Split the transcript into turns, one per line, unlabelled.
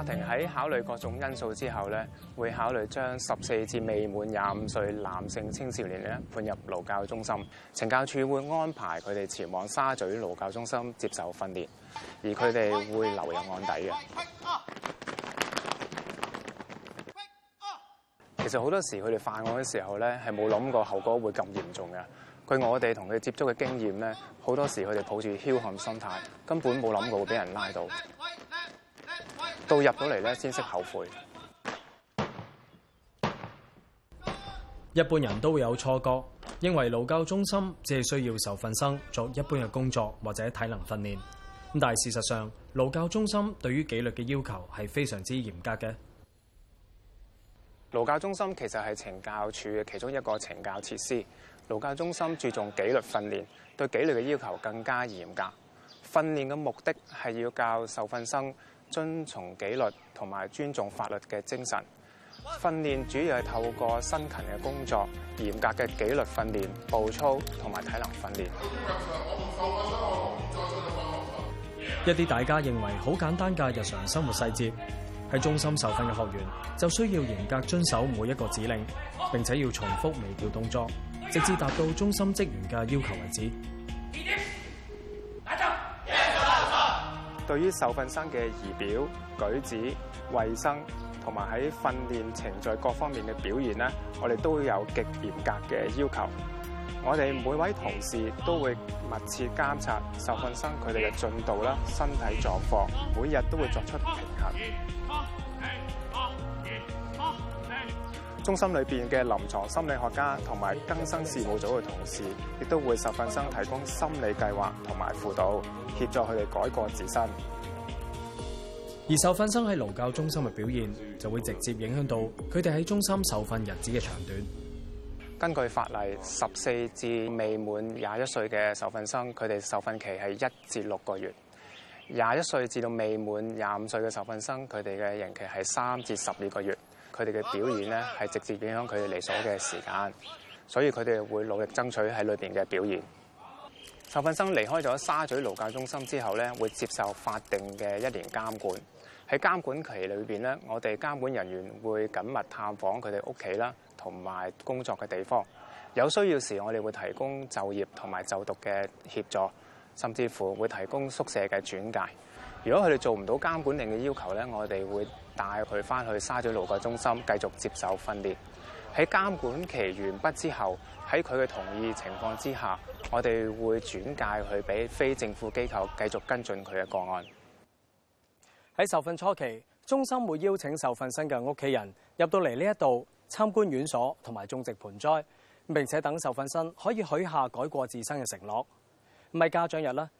法庭喺考慮各種因素之後咧，會考慮將十四至未滿廿五歲男性青少年咧判入勞教中心。懲教處會安排佢哋前往沙咀勞教中心接受訓練，而佢哋會留入案底嘅。其實好多時佢哋犯案嘅時候咧，係冇諗過後果會咁嚴重嘅。據我哋同佢接觸嘅經驗咧，好多時佢哋抱住僥倖心態，根本冇諗過會俾人拉到。到入到嚟咧，先識後悔。
一般人都會有錯覺，認為勞教中心只係需要受訓生做一般嘅工作或者體能訓練。咁但係事實上，勞教中心對於紀律嘅要求係非常之嚴格嘅。
勞教中心其實係懲教署嘅其中一個懲教設施。勞教中心注重紀律訓練，對紀律嘅要求更加嚴格。訓練嘅目的係要教受訓生遵從紀律同埋尊重法律嘅精神，訓練主要係透過辛勤嘅工作、嚴格嘅紀律訓練、步操同埋體能訓練。
一啲大家認為好簡單嘅日常生活細節，係中心受訓嘅學員就需要嚴格遵守每一個指令，並且要重複微調動作，直至達到中心職員嘅要求為止。
對於受訓生嘅儀表、舉止、衛生同埋喺訓練程序各方面嘅表現咧，我哋都有極嚴格嘅要求。我哋每位同事都會密切監察受訓生佢哋嘅進度啦、身體狀況，每日都會作出平衡。中心裏邊嘅臨床心理學家同埋更生事務組嘅同事，亦都會受訓生提供心理計劃同埋輔導，協助佢哋改過自
新。而受訓生喺勞教中心嘅表現，就會直接影響到佢哋喺中心受訓日子嘅長短。
根據法例，十四至未滿廿一歲嘅受訓生，佢哋受訓期係一至六個月；廿一歲至到未滿廿五歲嘅受訓生，佢哋嘅刑期係三至十二個月。佢哋嘅表演咧，係直接影響佢哋離所嘅時間，所以佢哋會努力爭取喺裏邊嘅表現。受訓生離開咗沙咀勞教中心之後咧，會接受法定嘅一年監管。喺監管期裏邊咧，我哋監管人員會緊密探訪佢哋屋企啦，同埋工作嘅地方。有需要時，我哋會提供就業同埋就讀嘅協助，甚至乎會提供宿舍嘅轉介。如果佢哋做唔到監管令嘅要求咧，我哋會帶佢翻去沙咀勞教中心繼續接受訓練。喺監管期完畢之後，喺佢嘅同意情況之下，我哋會轉介佢俾非政府機構繼續跟進佢嘅個
案。喺受訓初期，中心會邀請受訓生嘅屋企人入到嚟呢一度參觀院所同埋種植盆栽，並且等受訓生可以許下改過自新嘅承諾，唔係家長日啦。